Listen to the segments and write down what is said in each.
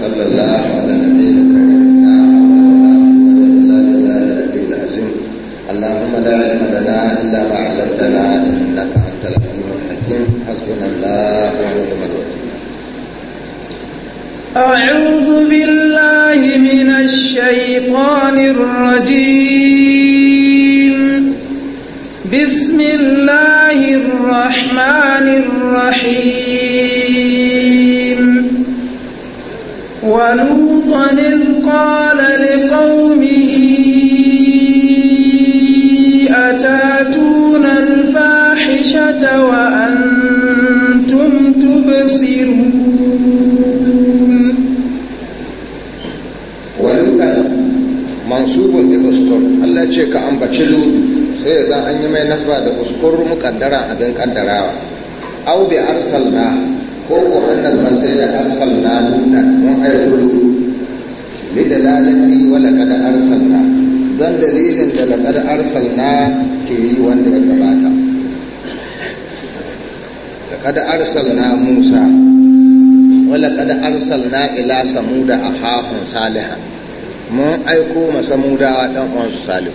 صلى الله على اللهم لا علم لنا الا ما علمتنا انك انت العليم الحكيم الله بالله من الشيطان الرجيم بسم الله الرحمن الرحيم ولوطا إذ قال لقومه أتاتون الفاحشة وأنتم تبصرون ولوطا منصوب بأسطر الله يجيك أن بتشلون sai ya zan an yi mai nasba da uskur mukaddara abin kaddarawa au bi arsalna ko ko annal mangaira arsalna nunan don ayatul lidalalati wa laqad arsalna don dalilin da laqad arsalna ke yi wanda ya gabata laqad arsalna musa wa laqad arsalna ila samuda akhahum salihan mun aiko masa mudawa dan uwansu salihu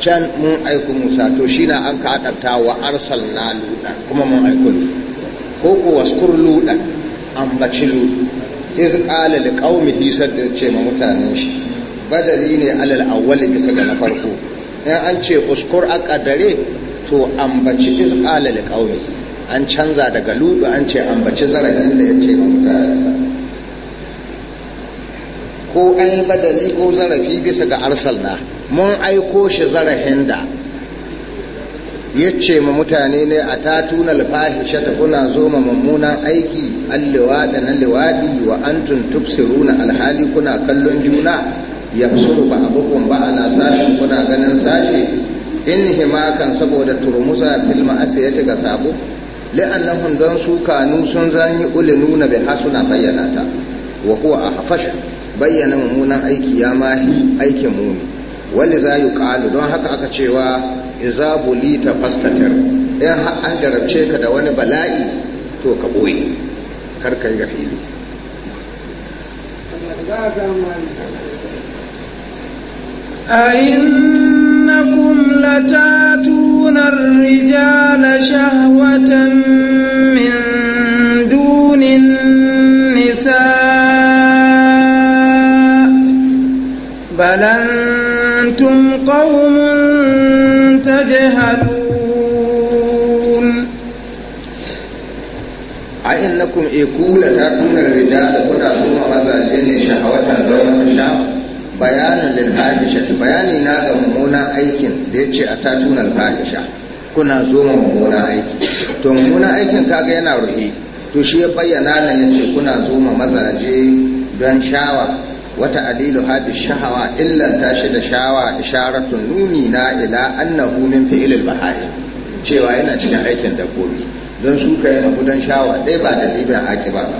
can mun aiko musa to shi na an ka adabta wa arsalna lutan kuma mun aiko lutan ko ko waskur ludan ambaci ludu iz qala liqaumihi da ce ma mutanen shi badali ne alal awwali bisa ga na farko in an ce uskur aqadare to ambaci iz qala liqaumihi an canza daga ludu an ce ambaci zarafin da ya ce ma sa. ko an badali ko zarafi bisa ga arsalna mun aiko shi zarafin da yace ma mutane ne a tatuna alfahisha ta kuna zo ma mummunan aiki allewa da na lewadi wa antum tubsiruna alhali kuna kallon juna yabsuru ba abubuwan ba ala sashen kuna ganin sashi in himakan saboda turmusa fil ya ga sabo li'annahum don su kanu sun zanyi ulinuna bi hasuna bayyana ta wa huwa ahfash bayyana mummunan aiki ya mahi aikin muni wali za yuqalu don haka aka cewa iza bulita fastatir in an jarabce ka da wani bala'i to ka boye kar ka yi ga fili أئنكم لتاتون الرجال شهوة من دون النساء بل أنتم قوم تجهلون أئنكم إكولة تاتون الرجال كنا ثم جني شهوة دون الشام بيانا للفاحشة بياني ناغا ممونا أيكن ديتشي أتاتون الفاحشة kuna zo ma mummuna aiki to mummuna aikin kaga yana ruhi to shi ya bayyana nan yace kuna zo ma mazaje don shawa wata alilu habi shahawa illan tashi da shawa isharatun nuni na ila annahu min fi'ilil bahari cewa yana cikin aikin dabbobi don su kai gudan shawa dai ba da libya akiba ba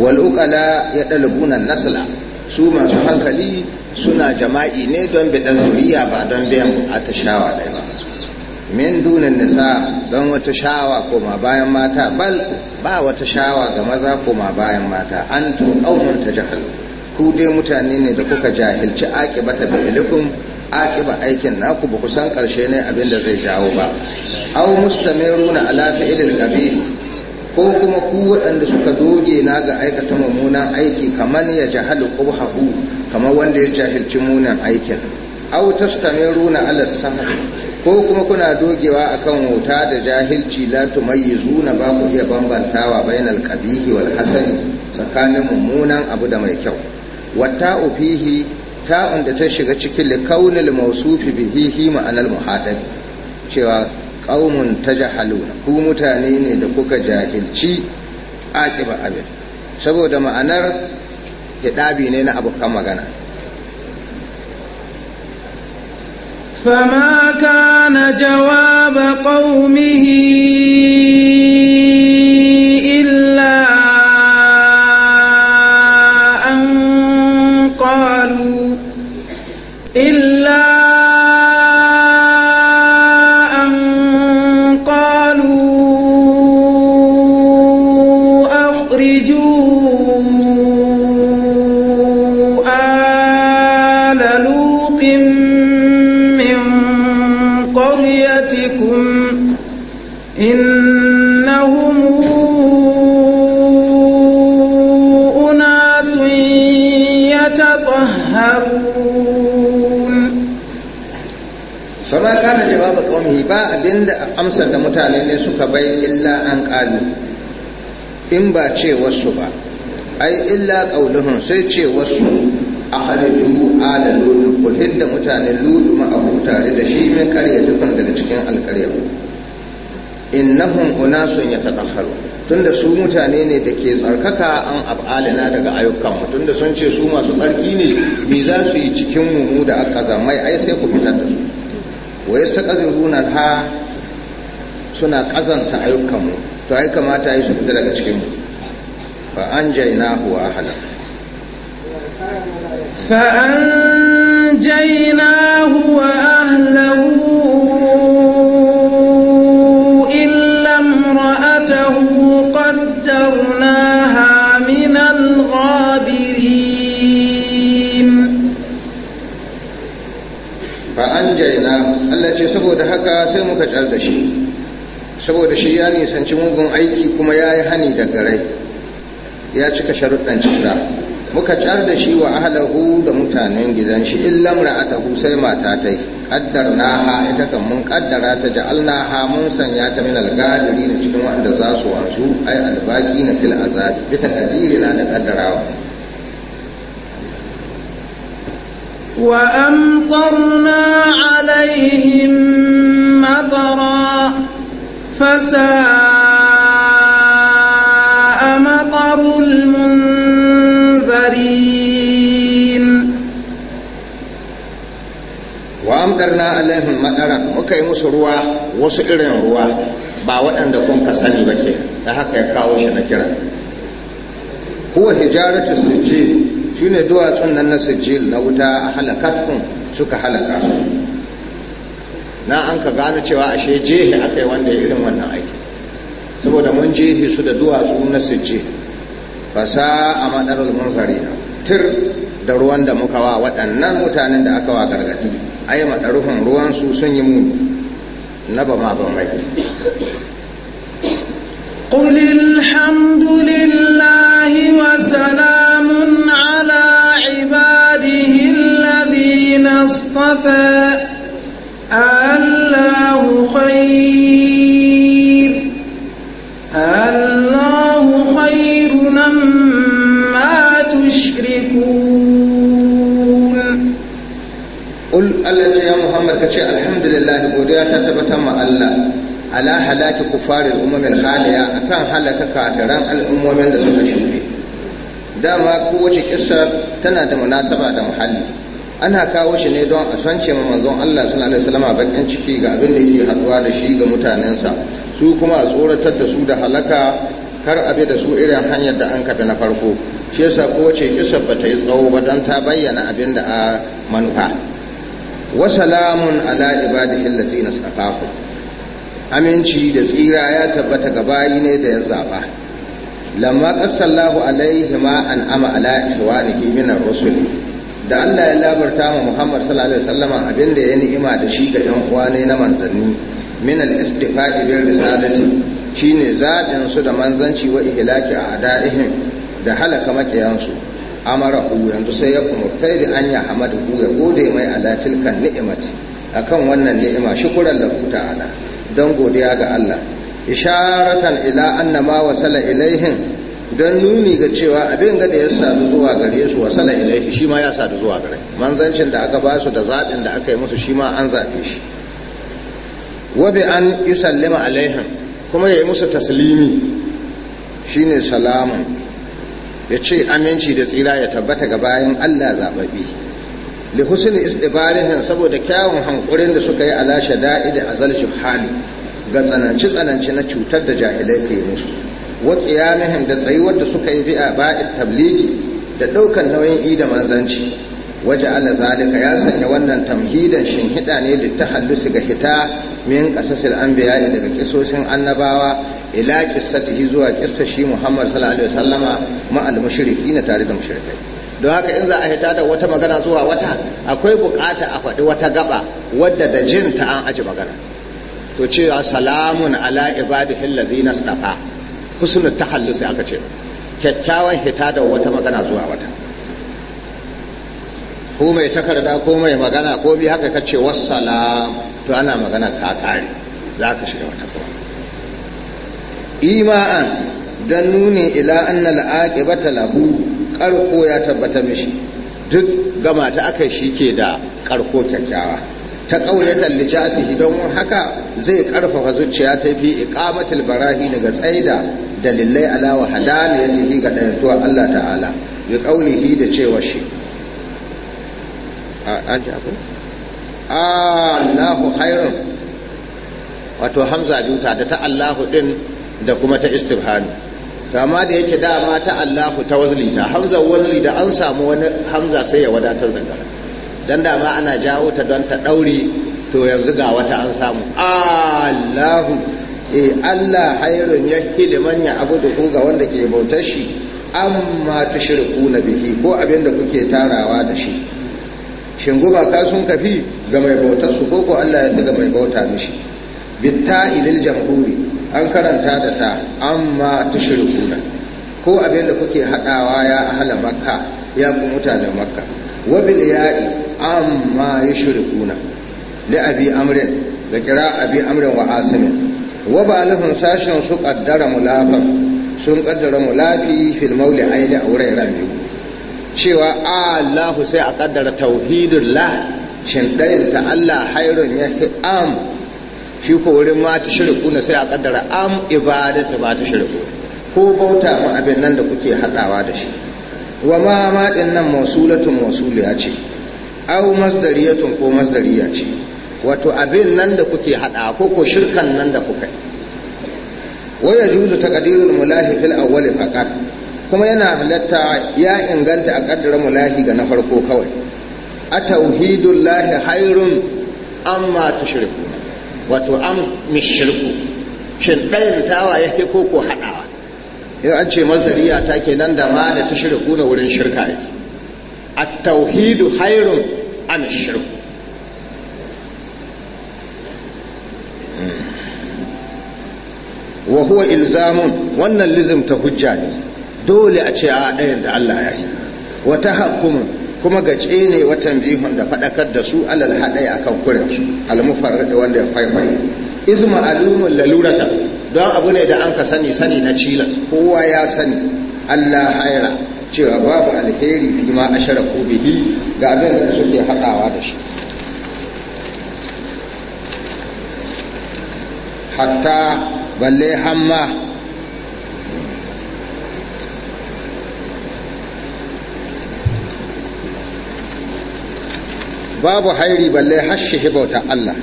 wal uqala ya dalbuna nasla su masu hankali suna jama'i ne don bidan zuriya ba don biyan ta shawa dai ba min dunin nisa don wata shawa koma bayan mata bal ba wata shawa ga maza koma bayan mata an to ƙaunar ta jahalu ku dai mutane ne da kuka jahilci ta bi'ilikum akiba aikin naku ba ku san karshe ne abin da zai jawo ba aw mustamiruna ala fi'lil qabih ko kuma ku waɗanda suka doge na ga aikata mummunan aiki kamar ya jahalu qubhahu kamar wanda ya jahilci munan aikin aw tastamiruna ala sahar ko kuma kuna dogewa akan wuta da jahilci la tumayyizuna ba ku iya bambantawa bainal qabihi wal hasani tsakanin mummunan abu da mai kyau wata ufihi ta da ta shiga cikin likaunil mausufi bihi hi ma'anar muhadabi cewa ta tajahaluna ku mutane ne da kuka jahilci ba abin saboda ma'anar hidabi ne na abokan magana فما كان جواب قومه kana jawaba kaumihi ba abinda amsar da mutane ne suka bai illa an kalu in ba ce wasu ba ai illa kauluhun sai ce wasu a akhriju ala lulu ku hidda mutane lulu ma abu tare da shi mai karya dukan daga cikin alkarya innahum unasun tun tunda su mutane ne da ke tsarkaka an af'alina daga ayyukan ayyukanmu tunda sun ce su masu tsarki ne me za su yi cikin mu da aka zamai ai sai ku fitar da su wa yasta qaziruna ha suna kazanta mu to ai kamata yi su fita daga cikinmu fa an wa ahla fa wa ahlahu Allah ce saboda haka sai muka cal da shi saboda shi ya nisanci mugun aiki kuma ya yi hani da garai ya cika sharuɗan cikra muka cal da shi wa ahalahu da mutanen gidan shi a ra'atahu sai mata ta yi Ƙaddar ha ita kan mun ƙaddara ta al-naha mun sanya ta min al-gadiri cikin wanda za su wanzu ai albaki na fil azabi ita bi na da ƙaddarawa وأمطرنا عليهم مطرا فساء مطر المنذرين وأمطرنا عليهم مطرا مكي مسروا وسئرين روا ba waɗanda kun ka sani ba ke da haka ya kawo shi na kira huwa hijaratu sujjid shi ne duwatsun nan na sijil na wuta a halakatun suka halaka su na an ka gano cewa ashe jehi aka yi wanda ya irin wannan aiki saboda mun jehi su da duwatsu na sijil fasa a maɗarar na. tir da ruwan da muka wa waɗannan mutanen da aka wa gargaɗi ai maɗarufin ruwansu sun yi muni na ba ma ba mai قل الحمد لله وسلام عباده الذين اصطفى الله خير الله خير مما تشركون قل الله يا محمد كشي الحمد لله بودي تثبت مع الله على هلاك كفار الامم الخاليه اكان حالة على الامم الذين شركوا dama kowace kissa tana da munasaba da muhalli ana kawo shi ne don a sance ma manzon Allah sallallahu alaihi wasallam bakin ciki ga abin da yake haduwa da shi ga mutanensa su kuma a tsoratar da su da halaka kar abe da su irin hanyar da an kafa na farko shi yasa kowace kissa ba ta yi tsawo ba don ta bayyana abin da a manufa wa salamun ala ibadihi allazina safafu aminci da tsira ya tabbata ga bayi ne da ya zaba lamma qasallahu alaihi ma an ama ala ikhwanihi min rusul da Allah ya labarta ma Muhammad sallallahu alaihi wasallama abinda ya ni'ima da shi ga yan uwa ne na manzanni min al-istifa'i bil risalati shine zabin su da manzanci wa ihlaki a'da'ihim da halaka makiyansu amarahu yanzu sai ya kumurtai bi an ya hamadu ya gode mai ala tilkan ni'imati akan wannan ni'ima shukuran lahu ta'ala don godiya ga Allah isharatan ila anna ma wasala ilaihim don nuni ga cewa abin ga da ya sadu zuwa gare su wasala ilaihi shi ma ya sadu zuwa gare manzancin da aka ba su da zaɓin da aka yi musu shi ma an zaɓe shi wa bi an yusallima alaihim kuma ya yi musu taslimi shine salamun ya ce aminci da tsira ya tabbata ga bayan Allah zababi li husni istibarihim saboda kyawun hankurin da suka yi ala shada'id azal shuhali ga tsananci-tsananci na cutar da jahilai ke musu watsi ya mihim da tsayuwar da suka yi bi'a ba'id tabligi da ɗaukan nauyin ida manzanci waje ala zalika ya sanya wannan tamhidan shinhiɗa ne da ta ga hita min kasasil anbiya daga kisosin annabawa ila kissatihi zuwa kisashi shi muhammad sallallahu alaihi wasallama ma'al mushriki na tare da mushrikai don haka in za a hita da wata magana zuwa wata akwai bukata a faɗi wata gaba wadda da jin ta an aji magana to cewa salamun ala ibadihi allazina dafa husnul sai aka ce kyakkyawan hita da wata magana zuwa wata ko mai takarda ko mai magana ko bi haka kace wassalam to ana magana ka kare za ka shiga wata kuma ima'an dan nuni ila anna al-aqibata lahu karko ya tabbata mishi duk gama ta akai shike da karko kyakkyawa ta ƙauyatan lijasihi don haka zai ƙarfafa zuciya ta fi iƙamatul barahi daga tsaida dalilai ala ya hadaniyatihi ga ɗayantuwa Allah ta'ala bi ƙaulihi da cewa shi an ji abu Allahu khairun wato hamza duta da ta Allahu din da kuma ta istirhani amma da yake dama ta Allahu ta wazli ta hamza wazli da an samu wani hamza sai ya wadatar da gara Don da ma ana jawo ta don ta ɗauri, to yanzu ga wata an samu Allahu e Allah ya ya abu ko ga wanda ke bautar shi amma na bihi ko abin da kuke tarawa da shi shin guba ka sun kafi ga mai bautar su ko ko Allah ya ga mai bauta mishi ilil jamhuri an karanta da ta amma na. ko abin da kuke haɗawa ya hala makka ya kuma mutanen makka wabil ya'i amma kuna, li abi amrin da kira abi amrin wa asimin wa ba alifin sashen su kaddara mulafin sun kaddara mulafi fil mauli aini a wurin rami cewa Allahu sai a kaddara tauhidun la shin ɗayan ta Allah hairun ya fi am shi ko wurin ma ta shirku sai a kaddara am ibadatu ba ta shirku ko bauta ma abin nan da kuke haɗawa da shi wa ma ma nan mausulatun mausuliya ce au masdariyatun ko masdariya ce wato abin nan da kuke hada ko ko shirkan nan da kuka waya juzu taqdirul mulahi fil awwal faqat kuma yana halatta ya inganta a kaddara mulahi ga na farko kawai a tauhidul lahi hayrun amma tushriku wato am mishirku shin ɗayan tawa yake ko ko hadawa in an ce masdariya ta kenan da ma da tushriku na wurin shirka yake at-tauhidu ana shirku hmm. wa huwa ilzamun wannan lizim ta hujja ne dole a ce a ɗayan da Allah ya yi wata hakumin kuma gace ne watan bihun da faɗakar da su alal akan kurinsu almufarraɗe wanda ya kwaikwaye iz ma'alumun lalurata don abu ne da an ka sani sani na cilas kowa ya sani Allah haira cewa babu alheri fi ma ashara ko bihi ga abin da suke haɗawa da shi hatta balle hamma babu hairi balle hashi hibauta Allah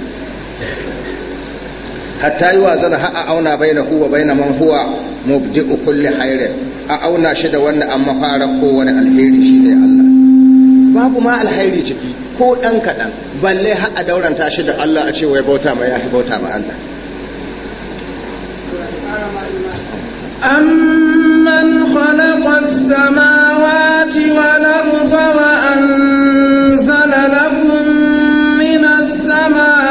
hatta yi wa zana ha'a auna bai na huwa bai na man huwa mubdi'u kulli hairin a auna shi da wanda an mafara ko wani alheri shi ne Allah babu ma alheri ciki ko ɗan kaɗan balle har a dauranta shi da Allah a ce wai bauta ma ya fi bauta ma Allah أمن خلق السماوات والأرض وأنزل لكم من السماء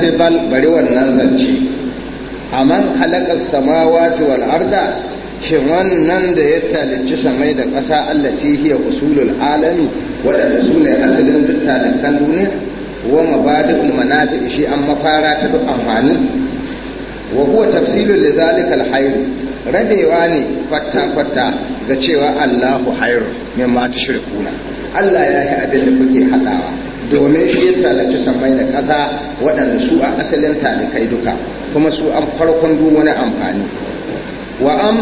ce bal bari wannan zance aman khalaqa samawati wal arda shin wannan da ya talicci samai da ƙasa allati hiya usulul alami waɗanda su ne asalin duk talikan duniya wa mabadi'ul manafi shi an mafara ta duk amfani wa huwa tafsilul li zalikal rabewa ne kwatta kwatta ga cewa Allahu hayru mimma tushrikuna Allah ya yi abin da kuke hadawa domin shi ya talicci samai da ƙasa waɗanda su a asalin talikai duka kuma su an farkon duk wani amfani wa am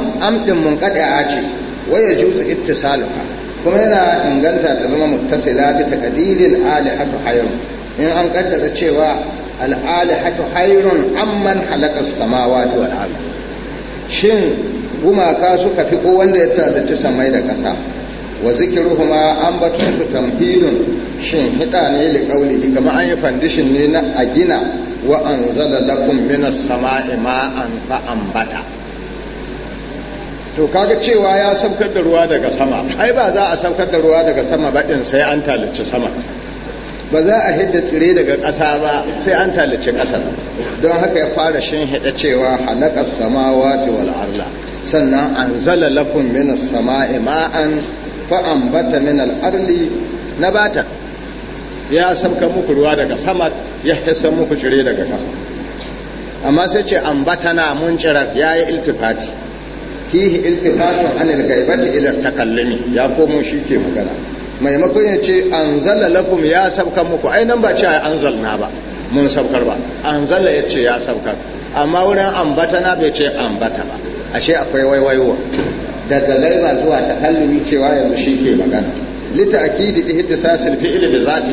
mun din a ce wa yajuzu saluka. kuma yana inganta ta zama muttasila bi ali haka hayrun in an kaddara cewa al alihatu hayrun amman halaka samawati wal ard shin gumaka suka fi ko wanda ya talace samai da ƙasa? wa an batun su tamhilun shin hida ne li qawlihi kama an yi ne na a gina wa zala lakum minas sama'i ma'an fa ambata to kaga cewa ya saukar da ruwa daga sama ai ba za a saukar da ruwa daga sama ba din sai an talici sama ba za a hidda tsire daga ƙasa ba sai an talici ƙasa don haka ya fara shin hida cewa halakar samawati wal arla sannan zala lakum minas sama'i ma'an fa'an bata min al'arli na bata ya sabka muku ruwa daga sama ya hisa muku cire daga kasa amma sai ce ambatana mun cirar ya yi iltifati fihi iltifatun anil gaibati ila takallumi ya komo shi ke magana maimakon ya ce an zalla lakum ya sabka muku ai nan ba ce an zalla ba mun sabkar ba An zalla ya ce ya sabkar amma wurin ambatana bai ce ambata ba ashe akwai waiwaiwa daga laima zuwa takallumi cewa yanzu shi ke magana lita akidi ihtisasil fi bi zati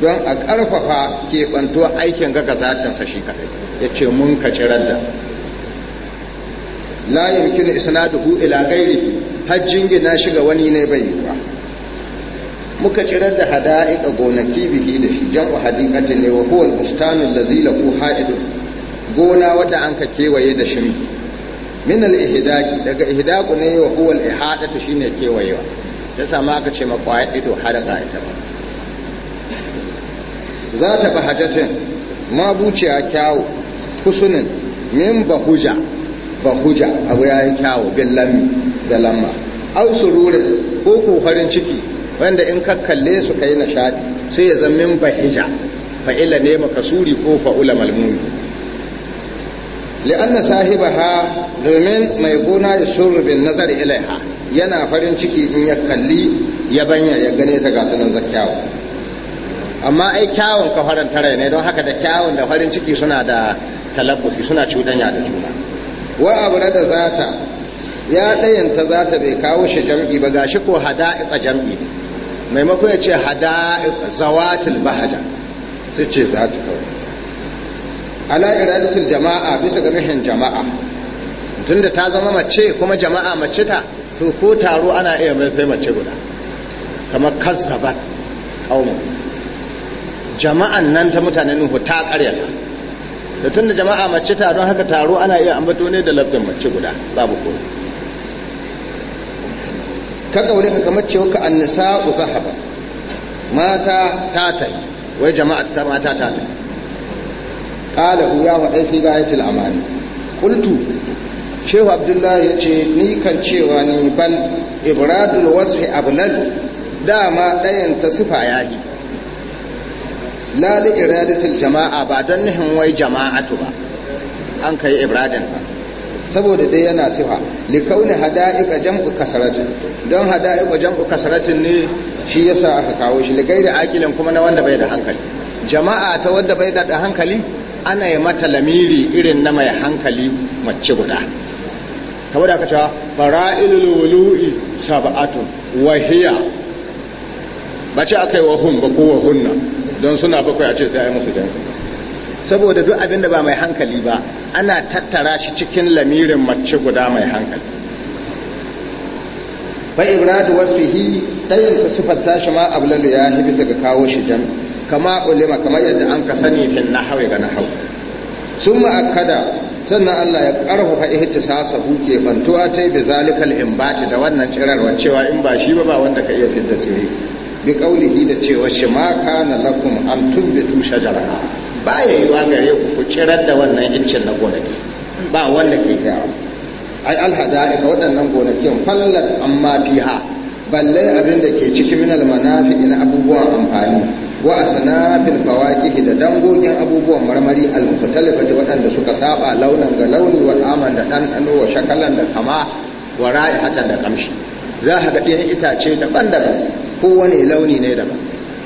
don a karfafa keɓanto aikin ga zatin sa shi kadai yace mun ka cirar da la yumkinu isnaduhu ila ghairi hajjin gina shi ga wani ne bai yiwa muka cirar da hada'iqa gonaki bihi da shi jam'u hadiqatin ne wa huwa al-bustanu allazi lahu ha'idun gona wadda an ka kewaye da shimki min al-ihdaqi daga ihdaqu ne wa huwa al-ihadatu shine kewayewa ta sama aka ce makwaya ido haraka ita ba za ta bahajatin mabuciya kyawu kusunin min bahuja bahuja abu ya yi kyawu bin lammi da lamma au sururin ko kokarin ciki wanda in ka kalle su kai nishadi sai ya zama min bahija fa'ila ne makasuri ko fa'ula malmumi li'anna sahibaha domin mai gona ya surubin nazar ilaiha yana farin ciki in ya kalli ya banya ya gane ta gatunan zakyawa amma ai kyawun ka faran tare ne don haka da kyawun da farin ciki suna da talabbufi suna cudanya da juna wa abu da zata ya ɗayanta zata bai kawo shi jam'i ba gashi ko hada'iqa jam'i maimakon ya ce hada'iq zawatul bahada Su ce zata kawai ala iradatul jama'a bisa ga nuhin jama'a tunda ta zama mace kuma jama'a mace ta to ko taro ana iya mai sai mace guda kamar kazzabat kaum jama'an nan ta mutane nuhu ta karyata da tunda jama'a mace ta don haka taro ana iya ambato ne da lafzin mace guda babu ko ka kaure ka kamar cewa ka annisa zahaba mata ta tai wai jama'a ta mata ta tai kala ya waɗai dai fi gayatil amani qultu shehu abdullahi ya ce ni kan cewa ni bal ibradul wasfi ablal dama ɗayan ta sifa ya yi li iradatil jama'a ba don nihin wai jama'atu ba an kai ibradin ba saboda dai yana sifa likauni kauni hada'iqa jam'u kasaratin don hada'iqa jam'u kasaratin ne shi yasa aka kawo shi ligai da akilin kuma na wanda bai da hankali jama'a ta wanda bai da hankali ana yi mata lamiri irin na mai hankali mace guda kamar da aka cewa fara'ilul wulu'i sab'atun wahiya ba ce aka yi wa hun ba ko wa hunna don suna bakwai a ce sai ya yi musu jan saboda duk abin da ba mai hankali ba ana tattara shi cikin lamirin mace guda mai hankali fa ibradu wasfihi dayin ta sifar tashi ma ablalu ya hibisa ga kawo shi jam'i kama ulima kama yadda an ka sani fil nahwi ga nahwu sun akada sannan Allah ya karfafa ihtisasa huke, bantuwa ta bi zalikal imbati da wannan cirarwa cewa in ba shi ba ba wanda ka iya fidda tsire bi qaulihi da cewa shi ma kana lakum an tumbitu shajaraha ba ya yi wa gare ku ku cirar da wannan incin na gonaki ba wanda ke iya ai ga waɗannan gonakin fallat amma fiha balle abin ke cikin minal manafi ina abubuwan amfani wa asanabil fawakih da dangogin abubuwan marmari al-mukhtalifati waɗanda suka saba launan ga launi wa aman da ɗanɗano wa shakalan da kama wa ra'ihatan da kamshi za ka ga ɗayan itace daban-daban kowane launi ne daban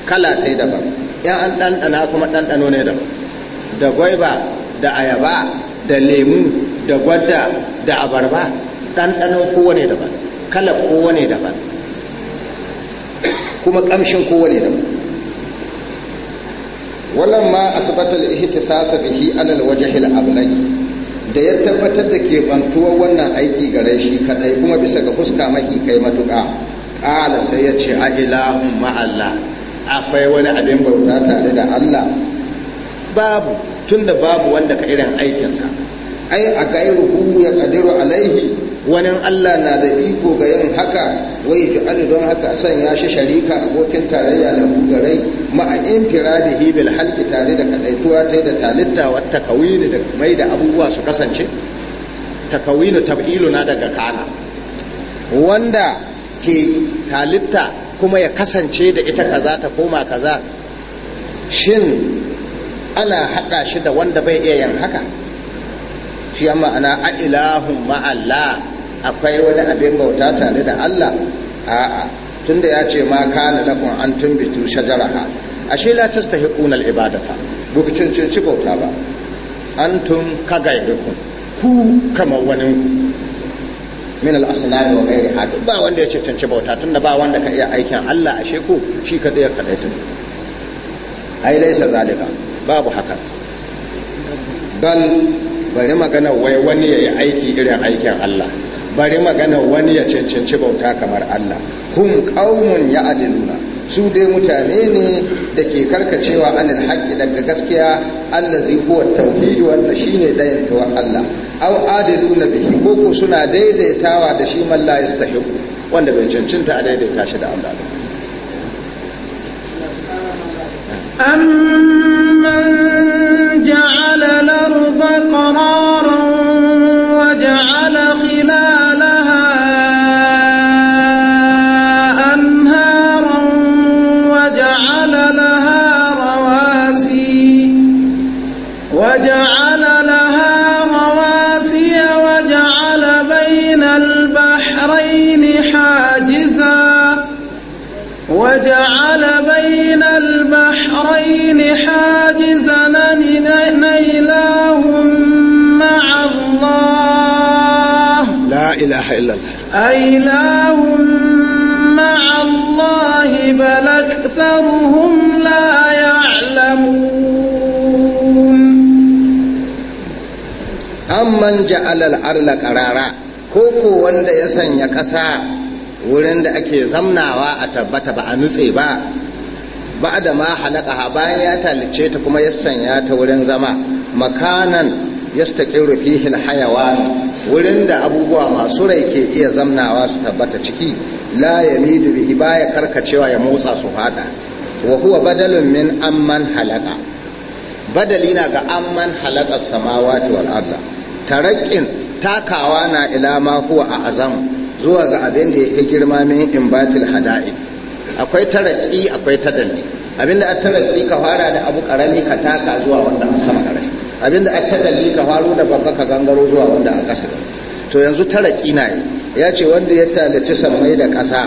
kala ta daban ya an ɗanɗana kuma ɗanɗano ne daban da gwaiba da ayaba da lemu da gwadda da abarba ɗanɗanon kowane daban kala kowane daban kuma ƙamshin kowane daban ma asbata al-ihtisas bihi alal waje wajh al da ya tabbatar da ke bantuwa wannan aiki gare shi kadai kuma bisa ga fuska mahi kai matuƙa ƙala sai ya ce a ilahun ma'alla akwai wani abin bauta tare da Allah babu tunda babu wanda ka irin aikinsa ai a gairu ya ƙadiru alaihi wani Allah na da iko ga yin haka wai fi'alu don haka sanya shi sharika abokin tarayya na ma'ain fira da hibil halki tare da kadaituwa ta da talitta wa takawini da mai da abubuwa su kasance takawini tab'ilu na daga kana wanda ke talitta kuma ya kasance da ita kaza ta koma kaza shin ana haɗa shi da wanda bai iya yin haka shi ma'ana a ilahun ma'allah akwai wani abin bauta tare da Allah a'a tunda ya ce ma kana lakum an tumbitu shajaraha ashe la tastahiquna al-ibadata bukcin cin ci bauta ba An tun ka kagairukum ku kama wani min al-asnam wa ghairi duk ba wanda ya ce cin bauta tunda ba wanda ka iya aikin Allah a sheku shi ka da ya kadaita ai laisa zalika babu haka bal bari magana wai wani ya yi aiki irin aikin Allah bari magana wani ya cancanci bauta kamar Allah hum ya adiluna su dai mutane ne da ke karkacewa an haqqi daga gaskiya zai kuwa tauhid wanda shine dayan tuwa Allah au adiluna bihi ko ko suna daidaitawa da shi man la hiku wanda bai cancanta a daidaita shi da Allah أمن جعل الأرض قراراً البحرين حاجزا نيلاهم مع الله لا إله إلا الله أيلاهم مع الله بل أكثرهم لا يعلمون أمن جعل الأرض قرارا كوكو wanda يسن يكسا ولند أكي da ake بأنسي با, tabbata ba a ba'da ma ha bayan ya talice ta kuma ya sanya ta wurin zama makanan yastaqiru fihi alhayawan wurin da abubuwa masu rai ke iya zamnawa su tabbata ciki la yamidu bihi baya karkacewa ya motsa su fada wa huwa badalun min amman halaka badali na ga amman halaka samawati wal arda taraqqin takawa na ilama ma huwa a azam zuwa ga abin da yake girma min imbatil hada'id akwai taraki akwai tadalli abinda a taraki ka fara da abu karami ka taka zuwa wanda a sama karami abinda a tadalli ka faro da babba ka gangaro zuwa wanda a kasa to yanzu taraki na yi ya ce wanda ya talaci sammai da ƙasa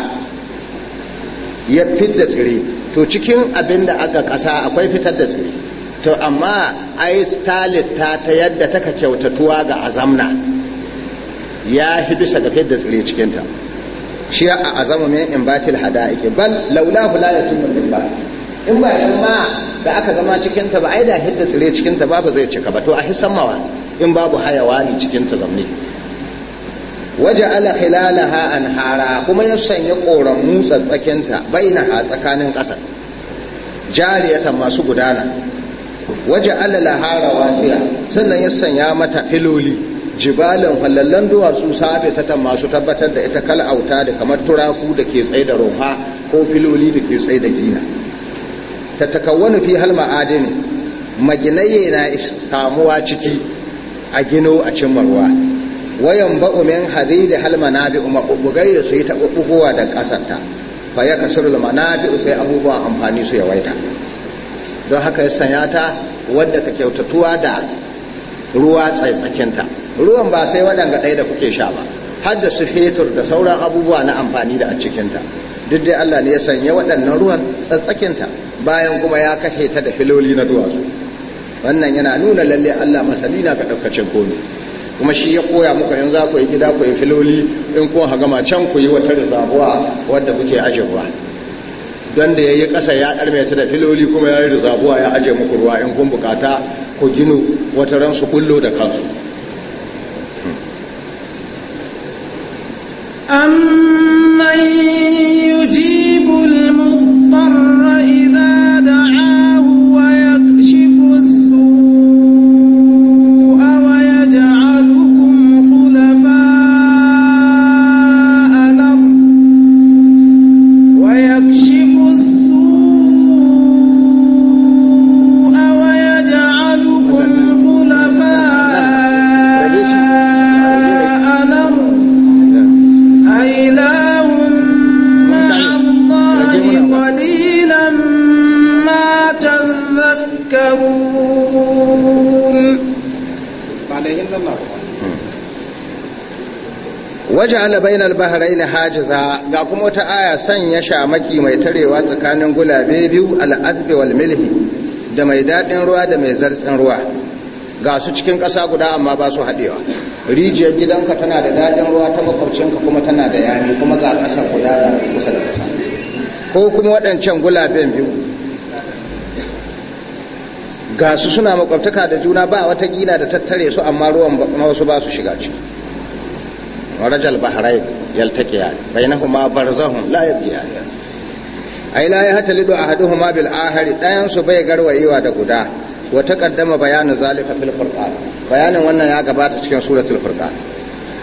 ya da tsire to cikin abinda aka ƙasa akwai fitar da tsire to amma ai talitta ta yadda taka kyautatuwa ga azamna ya fi bisa ga da tsire cikinta shi a azama mai in batil ake bal laula la yatimmu al in ba dan ma da aka zama cikin ta ba ai da hidda tsire cikin ta babu zai cika ba to a hisan mawa in babu hayawani cikin ta zamne waje ala khilalaha anhara kuma ya sanya koramu tsakin ta ha tsakanin kasar jariyata masu gudana waje ala lahara wasiya sannan ya sanya mata filoli jibalin hallallan duwatsu sabe ta masu tabbatar da ita kal'auta da kamar turaku da ke tsaye da rofa ko filoli da ke tsaye da gina ta takawwanu fi hal ma'adini maginaye na samuwa ciki a gino a cimma ruwa wayan ba'u min hadidi hal manabi'u ya su yi taɓuɓɓugowa da ƙasarta fa ya kasar manabi'u sai abubuwan amfani su yawaita don haka ya sanya ta wadda ka kyautatuwa da ruwa tsaitsakinta ruwan ba sai waɗanga ɗaya da kuke sha ba har da su fetur da sauran abubuwa na amfani da a cikinta duk dai Allah ne ya sanya waɗannan ruwan tsatsakinta bayan kuma ya kashe ta da filoli na duwatsu wannan yana nuna lalle Allah masani na ka ɗaukacin komi kuma shi ya koya muka yanzu yi gida ku yi filoli in kun hagama can ku yi wata rizabuwa wadda kuke aje ruwa don da ya yi ƙasa ya ɗalme ta da filoli kuma ya yi rizabuwa ya aje muku ruwa in kun bukata ku ginu wata ransu kullo da kansu ja'ala bainal bahrain hajiza ga kuma wata aya sanya shamaki mai tarewa tsakanin gulabe biyu al'azbi wal milhi da mai daɗin ruwa da mai zartsin ruwa ga su cikin ƙasa guda amma ba su haɗewa rijiyar gidanka tana da daɗin ruwa ta makwabcinka kuma tana da yami kuma ga ƙasa guda da kusa da ƙasa ko kuma waɗancan gulaben biyu ga su suna makwabtaka da juna ba wata gina da tattare su amma ruwan wasu ba su shiga ciki مرج البحرين يلتقيان بينهما برزخ لا يبغيان ai la ya hata lido ahaduhuma bil ahari dayan su bai garwayewa da guda wa taqaddama bayanu zalika fil furqan bayanin wannan ya gabata cikin suratul furqan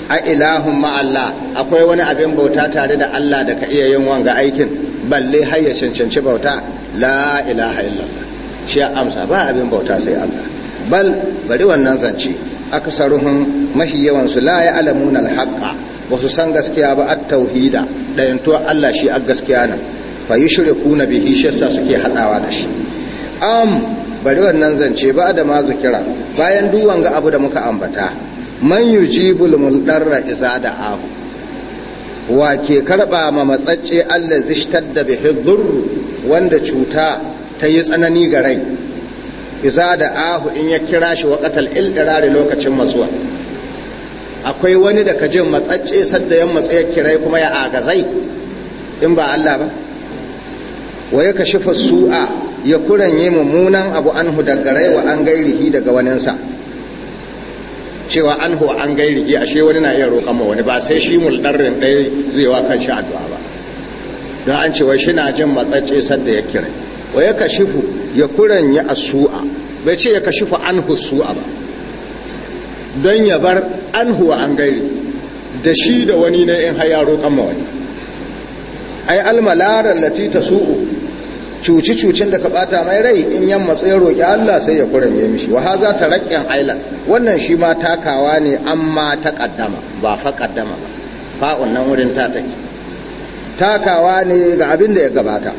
ai ilahum ma Allah akwai wani abin bauta tare da Allah da ka iya yin wanga aikin balle har cancanci bauta la ilaha illallah shi amsa ba abin bauta sai Allah bal bari wannan zance aksaruhum mahi yawan su la ya'lamuna al-haqqa ba su san gaskiya ba at tauhida dayantuwa Allah shi a gaskiya nan fa na bihi shassa suke haɗawa da shi am bari wannan zance ba da ma zikira bayan duk wanga abu da muka ambata man yujibul muldarra iza da ahu wa ke karba ma matsacce Allah da bihi dhurr wanda cuta ta yi tsanani ga rai iza da ahu in ya kira shi waqatal ilqirari lokacin matsuwa akwai wani da ka jin matsacce sadda yan matsayar kirai kuma ya agazai in ba Allah ba wa ya kashi su'a ya yi mummunan abu anhu daga wa an gairihi daga waninsa cewa anhu an gairihi ashe wani na iya roƙon ma wani ba sai shi mulɗarrin ɗaya zai wa kan shi addu'a ba don an cewa shi na jin matsacce sadda ya kirai wa ya kashifu ya a su'a? bai ce ya kashifu anhu su'a ba don ya bar an huwa an gairi da shi da wani na in haya roƙon ma wani ai almalarar lati ta su'u cuci cucin da ka bata mai rai in yan matsa ya roƙi Allah sai ya kurame mishi wa haza taraqqin aila wannan shi ma takawa ne amma ta kaddama ba fa kaddama ba fa nan wurin ta take takawa ne ga abin da ya gabata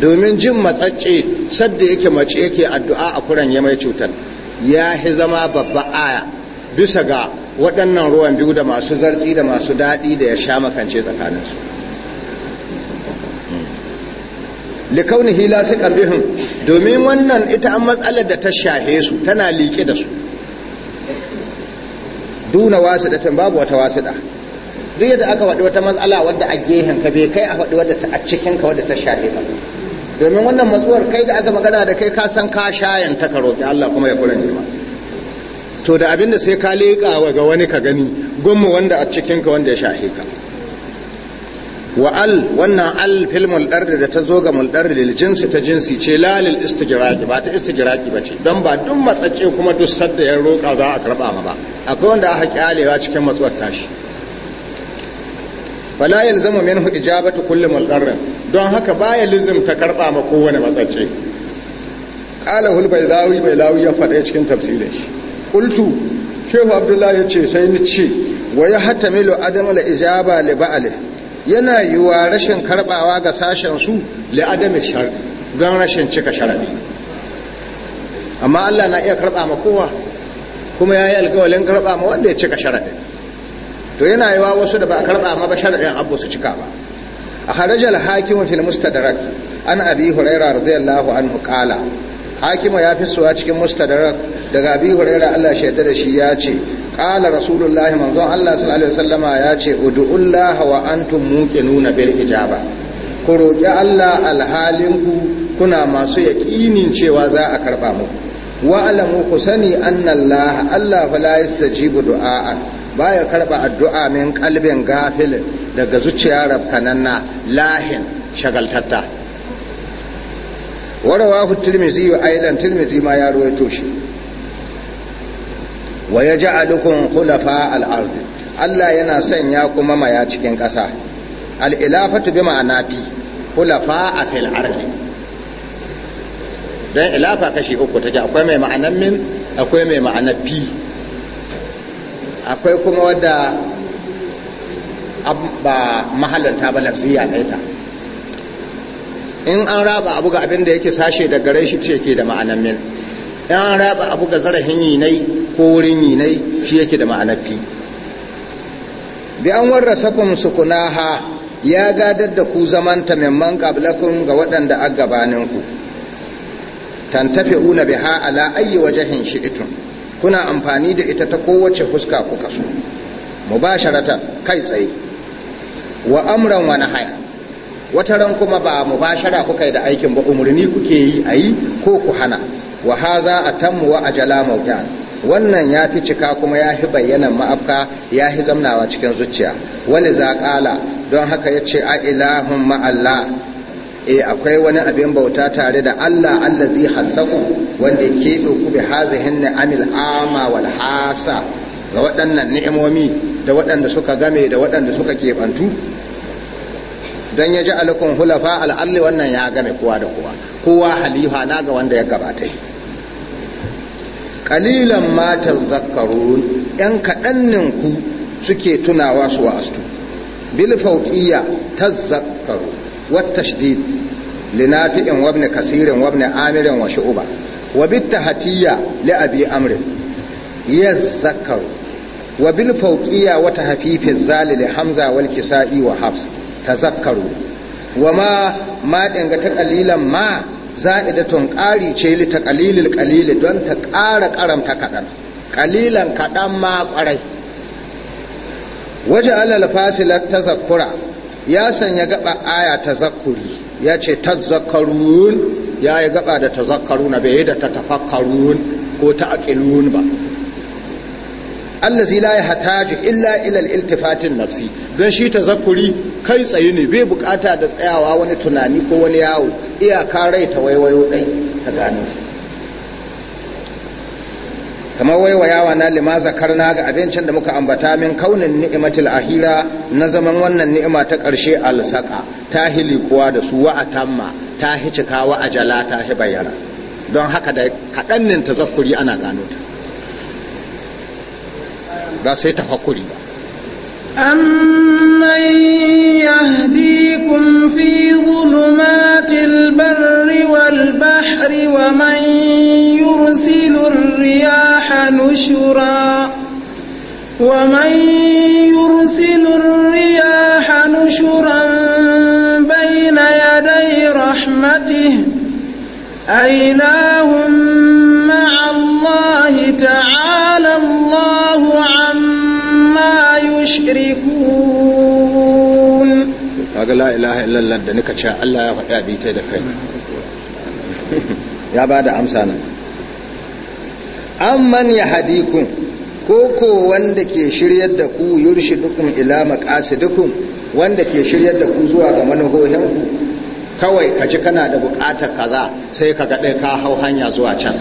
domin jin matsacce sadda yake mace yake addu'a a kuran ya mai cutar ya hi zama babba aya bisa ga waɗannan ruwan biyu da masu zartsi da masu daɗi da ya sha makance tsakaninsu hmm. likauni hila su bihin domin wannan ita an matsalar da ta shahe su tana liƙe da su duna wasu da babu wata wasu da duk yadda aka faɗi wata matsala wadda a gehen ka bai kai a faɗi wadda a cikin ka wadda ta shahe ka domin wannan matsuwar kai da aka magana da kai ka san ka shayan ta ka roƙi Allah kuma ya kuren jima to da abinda sai ka leƙa ga wani ka gani gunmu wanda a cikinka wanda ya shahe ka wa al wannan al fil muldar da ta zo ga muldar lil jinsi ta jinsi ce lalil istigiraki ba ta istigiraki ba ce don ba duk matsace kuma duk sadda ya roƙa za a karɓa ma ba akwai wanda aka kyalewa cikin matsuwar tashi fala yalzamu minhu ijabatu kulli muldarrin don haka baya lizim ta karba ma kowane matsace qala hul baydawi baylawi ya faɗa cikin tafsirin shi qultu shehu abdullahi ya ce sai ni ce wa ya milo adam la ijaba li Ba'ale yana yiwa rashin karbawa ga sashen su li adam shar don rashin cika sharadi amma Allah na iya karba ma kowa kuma yayi alƙawarin karba ma wanda ya cika sharadi to yana yiwa wasu da ba a karba ma ba sharadin abu su cika ba a harajal hakim fil mustadrak an abi hurairah radiyallahu anhu qala hakima ya fi suwa cikin mustadrak daga abi hurairah Allah shi da shi ya ce qala rasulullah manzon Allah sallallahu alaihi wasallama ya ce ud'ullah wa antum muqinuna bil ijaba ku roƙi Allah alhalin ku kuna masu yaƙinin cewa za a karba mu wa alamu ku sani annallaha Allah fa la yastajibu du'a'an baya karba addu'a min kalbin gafilin daga zuciya rabkananna lahin shagaltatta warawahu tirmizi wa ailan tirmizi ma ya ruwaito shi wa yaj'alukum khulafa al-ard Allah yana sanya kuma maya cikin ƙasa al'ilafatu ilafatu bi ma'ana fi khulafa a fil ard dan ilafa kashi uku take akwai mai ma'anan min akwai mai ma'ana fi akwai kuma wadda ba mahalarta ta ba lafziya ɗaya in an raba abu ga abin da yake sashe da gare shi ce ke da ma'anan min in an raba abu ga zarafin yinai ko wurin yinai shi yake da ma'anar fi bi an warra warrasa kun ha ya gadar da ku zaman ta memman kablakun ga waɗanda a gabaninku tantafe una biha ala ayyi wajahin itun kuna amfani da ita ta kowace fuska kuka so mubasharatan kai tsaye wa amran wa nahaya wata ran kuma ba mubashara kuka yi da aikin ba umarni kuke yi a yi ko ku hana wa a tammu wa ajala mawjan wannan ya fi cika kuma ya fi bayyana ma'afka ya fi zamnawa cikin zuciya wani ƙala don haka ya ce a ilahun ma'alla e akwai wani abin bauta tare da allah Allah zai hasaku wanda ke ku bi hazihin amil ama wal hasa ga waɗannan ni'imomi da waɗanda suka game da waɗanda suka keɓantu don ya ji alakun hulafa al'alli wannan ya game kowa da kowa kowa halifa na ga wanda ya gabata kalilan matar zakarun yan kaɗannin ku suke tunawa su wa'astu bil fauqiyya tazakkaru wat tashdid linafi'in wa kasirin wa amirin wa shu'ba wa bitta hatiya li abi amrin yazakkaru wa bil fauqiyya wa tahfifiz zalil hamza wal kisa'i wa hafs tazakkaru wa ma ma dinga ta ƙalilan ma za'idatun ƙari ce li ta ƙalilil ƙalili don ta ƙara ƙaramta kaɗan ƙalilan kaɗan ma ƙwarai waje alal fasilar tazakkura ya sanya gaba aya tazakkuri ya ce tazakkarun ya yi gaba da na bai yi da ta tafakkarun ko ta aƙilun ba allazi la yahtaju illa ila iltifatin nafsi don shi tazakuri kai tsaye ne bai bukata da tsayawa wani tunani ko wani yawo iyaka rai ta waiwayo dai ta gano kamar waiwayawa na lima zakarna ga abincin da muka ambata min kaunin ni'imatil ahira na zaman wannan ni'ima ta ƙarshe alsaka ta kuwa da su wa'atamma ta hi cikawa a jala ta hi bayyana don haka da kaɗannin tazakuri ana gano ta ba sai ba أمن يهديكم في ظلمات البر والبحر ومن يرسل الرياح نشرا ومن يرسل الرياح نشرا بين يدي رحمته أيناهم مع الله تعالى يشركون kaga la ilaha illallah da nika ce Allah ya faɗi ta da kai ya ba da amsa nan amman ya hadikun ko ko wanda ke shiryar da ku yurshi dukun ila maqasidukum wanda ke shiryar da ku zuwa ga ku kawai ka ji kana da bukatar kaza sai ka ga ka hau hanya zuwa can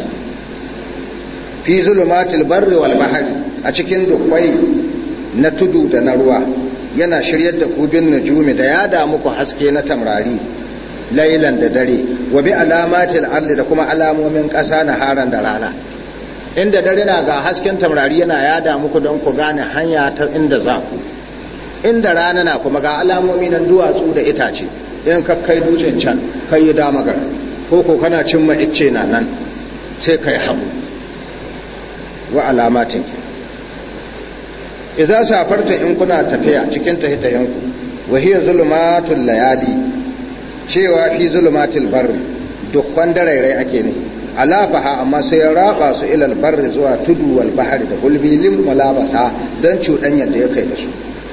fi zulumatil barri wal bahri a cikin dukwai na tudu da na ruwa yana shiryar da kubin nujumi da ya da muku haske na tamrari lailan da dare wa bi alamatil ardi da kuma alamomin ƙasa na haran da rana inda dare na ga hasken tamrari yana ya da muku don ku gane hanya ta inda za ku inda rana na kuma ga alamomi na duwatsu da itace in ka kai dutsen can kai yi damagar ko ko kana cimma icce na nan sai kai hagu wa alamatin ki idza safarta in kuna tafiya cikin tahitayanku wa hiya zulumatul layali cewa fi zulumatil barri dukkan darairai ake ne alafaha amma sai ya raba su ilal barri zuwa tudu wal bahari da gulbilin walabasa don cuɗanyar da ya kai da su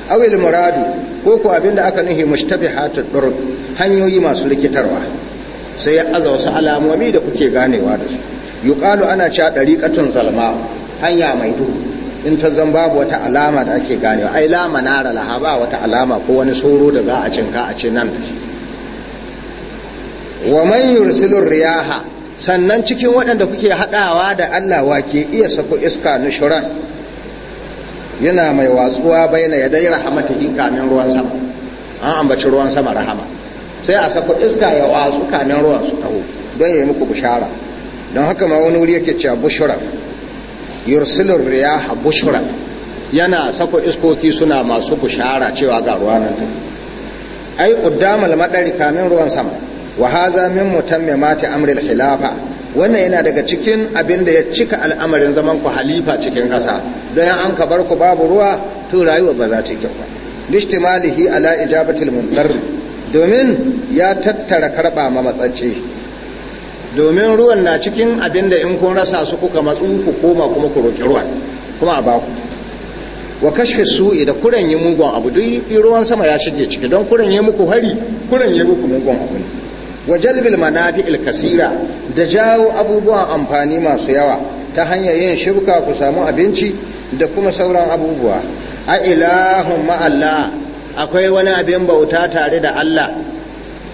awil muradu ko ko abinda aka nuhi mushtabihatud durub hanyoyi masu rikitarwa sai ya aza wasu alamomi da kuke ganewa da su yuqalu ana cewa dariqatun zalma hanya mai duhu in ta zan babu wata alama da ake ganewa ai la manara laha ba wata alama ko wani soro da za a cinka a ce nan da shi wa man yursilu riyaha sannan cikin waɗanda kuke haɗawa da Allah wa ke iya sako iska nushuran yana mai watsuwa baina ya dai rahamatihi kamin ruwan sama an ambaci ruwan sama rahama sai a sako iska ya watsu kamin ruwan su taho don ya yi muku bishara don haka ma wani wuri yake cewa bushura yursilur riyaha bushra yana sako iskoki suna masu bushara cewa ga ruwa nan ta ai quddamal madari kamin ruwan sama wa hadha min mutammimati amri al-khilafa wannan yana daga cikin abin da ya cika al'amarin zaman ku halifa cikin ƙasa don yan an ka bar ku babu ruwa to rayuwa ba za ta yi kyau ba lishtimalihi ala ijabatil mundar domin ya tattara karba ma matsace domin ruwan na cikin abinda in kun rasa su kuka matsu ku koma kuma ku roƙi ruwan kuma a baku wa kashe su da kuren yi mugun abu duk ruwan sama ya shige ciki don kuren yi muku hari kuren yi muku mugun abu ne wa jalbil manafi'il kasira da jawo abubuwan amfani masu yawa ta hanyar yin shibka ku samu abinci da kuma sauran abubuwa a ilahun ma'alla akwai wani abin bauta tare da Allah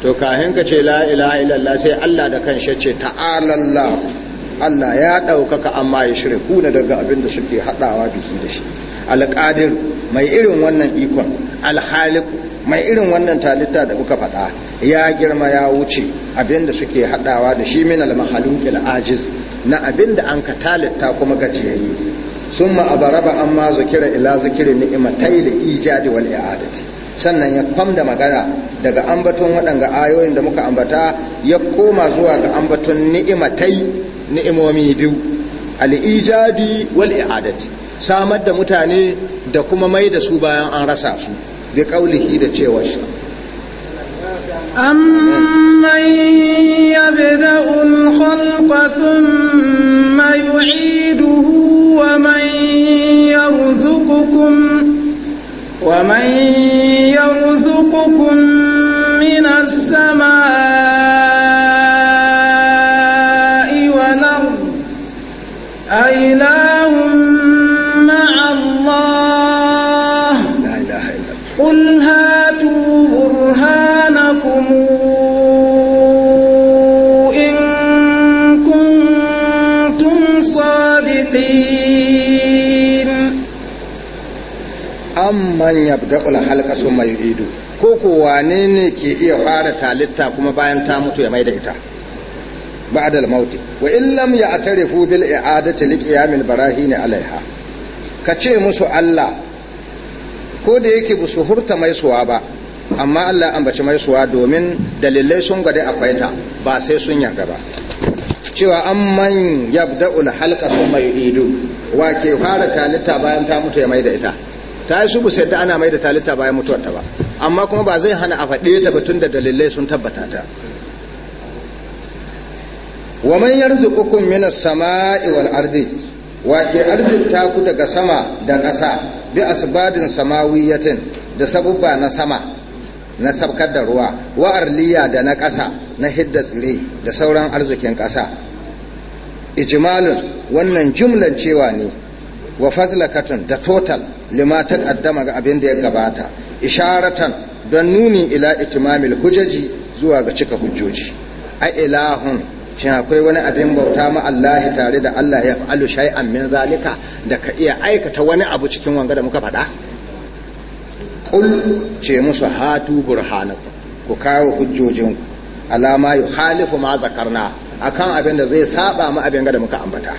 to kahin ka ce la ilaha illallah sai Allah da kanshi ce ta'alallah Allah ya ɗaukaka amma ya shirya kuna daga abin da suke haɗawa biki da shi alƙadir mai irin wannan ikon alhaliku mai irin wannan talitta da kuka faɗa ya girma ya wuce abin da suke haɗawa da shi min almahalukil ajiz na abin da an ka talitta kuma gajiyayye sun ma'abaraba amma zukira ila zukira ni'imatai da ijadi wal i'adati sannan ya da magana daga ambaton waɗanga ayoyin da muka ambata ya koma zuwa ga ambaton ni'imatai ni'imomi biyu al'ijadi wal i'adati samar da mutane da kuma mai da su bayan an rasa su bi kaulihi da cewa shi yabda'ul halqa summa ko ko wane ne ke iya fara talitta kuma bayan ta mutu ya maida ita ba'da al mauti wa in lam ya'tarifu bil i'adati liqiyam barahi ne alaiha ka ce musu Allah ko da yake bu su hurta mai suwa ba amma Allah ambaci mai suwa domin dalilai sun gade akwai ta ba sai sun yarda ba cewa an amman yabda'ul sun mai idu wa ke fara talitta bayan ta mutu ya mai da ita ta yi su yadda ana mai da talita bayan mutuwarta ba amma kuma ba zai hana a faɗe ta tun da dalilai sun tabbata ta wa man yarzuqukum minas sama'i wal ardi wa ke arzikta ku daga sama da ƙasa bi asbabin samawiyatin da sabubba na sama na sabkar da ruwa wa arliya da na ƙasa na hidda tsire da sauran arzikin ƙasa ijmalun wannan jumlan cewa ne wa fazlakatun da total lima ta ga abin da ya gabata isharatan don nuni ila itimamil hujaji zuwa ga cika hujjoji a ilahun shin akwai wani abin bauta ma Allah tare da Allah ya fa'alu shay'an min zalika da ka iya aikata wani abu cikin wanga da muka faɗa Kul ce musu hatu burhanakum ku kawo hujjojinku alama yukhalifu ma zakarna akan abin da zai saba mu abin da muka ambata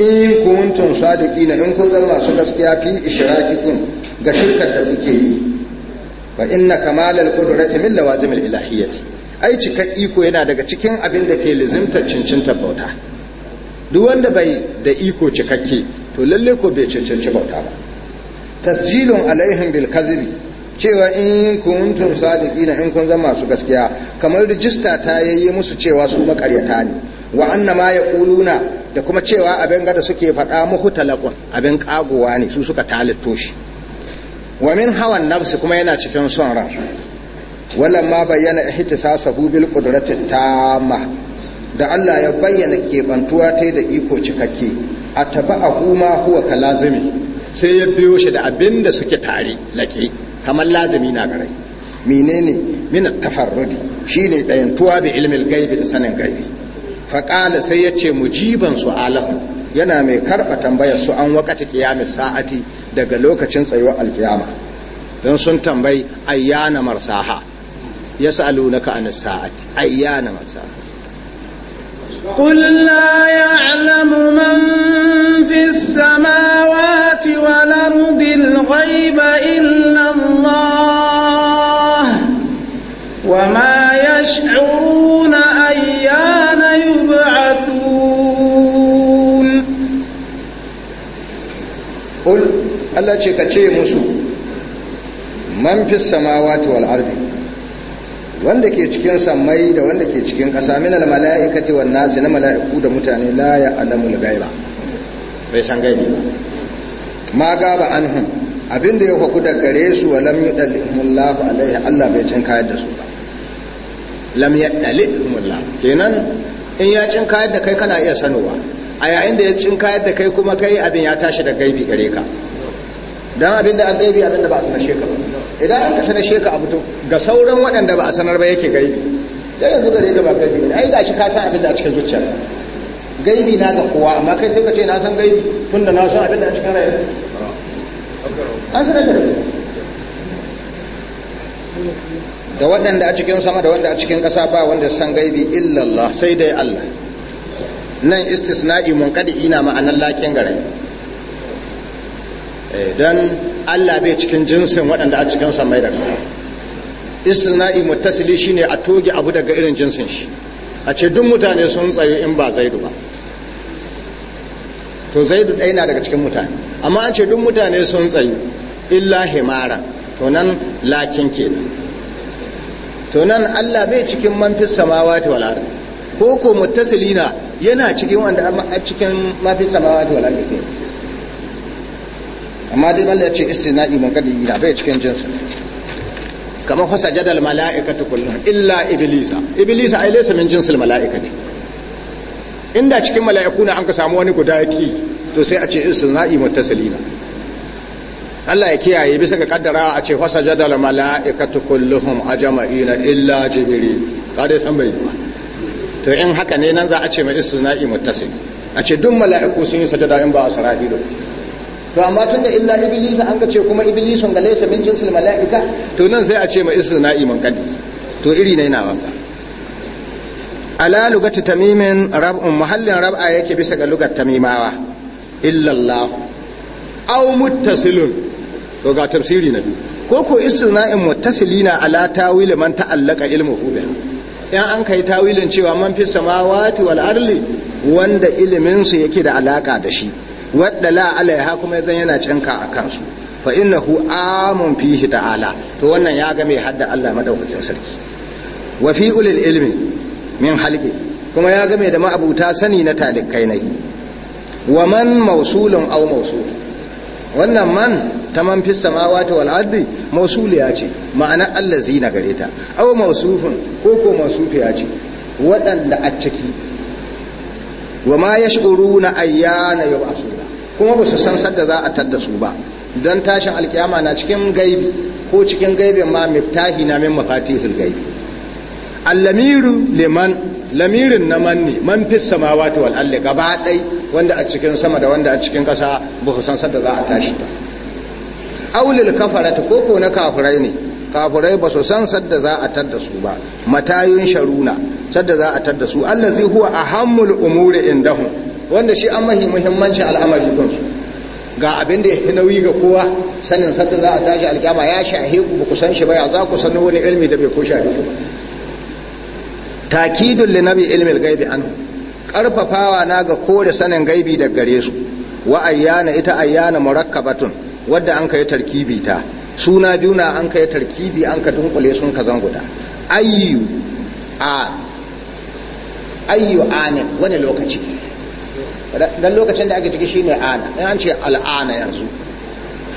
in kuntum sadiqina in kun zama masu gaskiya fi ishrakikum ga shirkar da kuke yi fa inna kamalal qudrati min lawazimil ilahiyyati ai cika iko yana daga cikin abin da ke lizimta cincinta bauta duk wanda bai da iko cikakke to lalle ko bai cincinci bauta ba tasjilun alaihim bil kazibi cewa in kuntum sadiqina in kun zama masu gaskiya kamar rijista ta yayye musu cewa su makaryata ne wa anna ma yaquluna da kuma cewa abin gada suke faɗa muhu talakun abin kagowa ne su suka talitto shi wa min hawan nafsi kuma yana cikin son wallan walama bayyana ihtisasahu bil qudrati tamma da Allah ya bayyana keɓantuwa ta da iko cikakke a taba a huma huwa ka sai ya biyo shi da abin da suke tare lake kamar lazimi na garai menene min tafarrudi shine dayantuwa bi ilmil gaibi da sanin gaibi faƙala sai ya ce mujiban alahu yana mai karɓa tambayar su an wakati ƙiyami sa'ati daga lokacin tsayuwar alkiyama don sun tambayi ayyana marsaha ya sa'alunaka an sa'ati ayyana marsaha قل لا يعلم من في السماوات والأرض الغيب إلا الله وما يشعرون أيها kul Allah ce ka ce musu man fi samawati wal ardi wanda ke cikin samai da wanda ke cikin ƙasa min al mala'ikati wan nas na mala'iku da mutane la ya al ghaiba bai san gaibi ba ma gaba anhum abinda ya huku da gare su wa lam Allah alaihi Allah bai cin kayar da su ba lam Allah kenan in ya cin kayar da kai kana iya sanowa a yayin da ya cinkayar da kai kuma kai abin ya tashi da gaibi gare ka don abin da an gaibi abin da ba a sanashe ka ba idan an ka sanashe ka fito ga sauran waɗanda ba a sanar ba yake gaibi dan yanzu gare ka ba gaibi ne ai gashi ka san abin da a cikin zuciya gaibi na ga kowa amma kai sai ka ce na san gaibi tun da na san abin da a cikin rayuwa an sanar da da waɗanda a cikin sama da wanda a cikin ƙasa ba wanda san gaibi illallah sai dai Allah nan istisna'i munqadi ina ma'anar lakin gare eh, don Allah bai cikin jinsin waɗanda a cikin samai da ƙasa istisna'i muttasili shine a toge abu daga irin jinsin shi a ce duk mutane sun tsayo in ba zaidu ba to zaidu ɗaya na daga cikin mutane amma an ce duk mutane sun tsayo illa himara to nan lakin kenan to nan Allah bai cikin manfis samawati wal ardi ko ko muttasilina yana cikin wanda a cikin mafi da wal ardi amma dai Allah ya ce istina'i man kadi ila bai cikin jinsu kamar fa sajadal mala'ikatu kullum illa iblisa iblisa ai laysa min jinsil mala'ikati inda cikin mala'iku na an ka samu wani guda yaki to sai a ce istina'i muttasilina Allah ya kiyaye bisa ga kaddara a ce fa sajadal mala'ikatu kulluhum ajma'ina illa jibril kada san bai ba to in haka ne nan za a ce mai istisna'i muttasil a ce duk mala'iku sun yi sajada in ba asra'ilu to amma tun da illa Ibilisa an ga ce kuma iblisun ga laysa min jinsil mala'ika to nan sai a ce mai istisna'i kadi. to iri ne na wanka ala lugati tamimin rab'un muhallin rab'a yake bisa ga lugat tamimawa illallah aw muttasilun to ga tafsiri na biyu ko ko istina'in muttasilina ala tawil man ta'allaka ilmuhu bihi yan an kai tawilin cewa man fi samawati wal arli wanda iliminsu yake da alaka da shi wadda la alaiha kuma zan yana cinka a kansu fa innahu amun fihi ta'ala to wannan ya ga mai hadda Allah madaukakin sarki wa fi ulil ilmi min halqi kuma ya ga da ma'abuta sani na talikai yi. wa man mausulun aw mausul wannan man ta man fis samawati wal ardi mausuliya ce ma'ana allazi na gare ta aw mausufin ko ko ya ce waɗanda a ciki wa ma yash'uruna ayyana suna kuma ba su san sadda za a tadda su ba don tashin alkiyama na cikin gaibi ko cikin gaibin ma miftahi na min mafatihul gaibi allamiru liman lamirin na manni man fi samawati wal ardi gaba dai wanda a cikin sama da wanda a cikin kasa ba san sadda za a tashi ba aulil kafarata ko ko na kafirai ne kafirai ba su san sadda za a tadda su ba matayun sharuna sadda za a tadda su allazi huwa ahammul umuri indahum wanda shi an mahi muhimmancin al'amari kansu ga abin da ya nauyi ga kowa sanin sadda za a tashi alkiyama ya shahe ku ba ku san shi ba ya za ku san wani ilmi da bai ko shahe ku ba li nabi ilmi gaibi an karfafawa na ga kore sanin gaibi da gare su wa ayyana ita ayyana murakkabatun wadda an yi tarkibi ta suna biyu na an yi tarkibi an ka dunkule sun ka zanguda ayyu a ayyu ane wani lokaci dan lokacin da ake ciki shine ana in an ce al'ana yanzu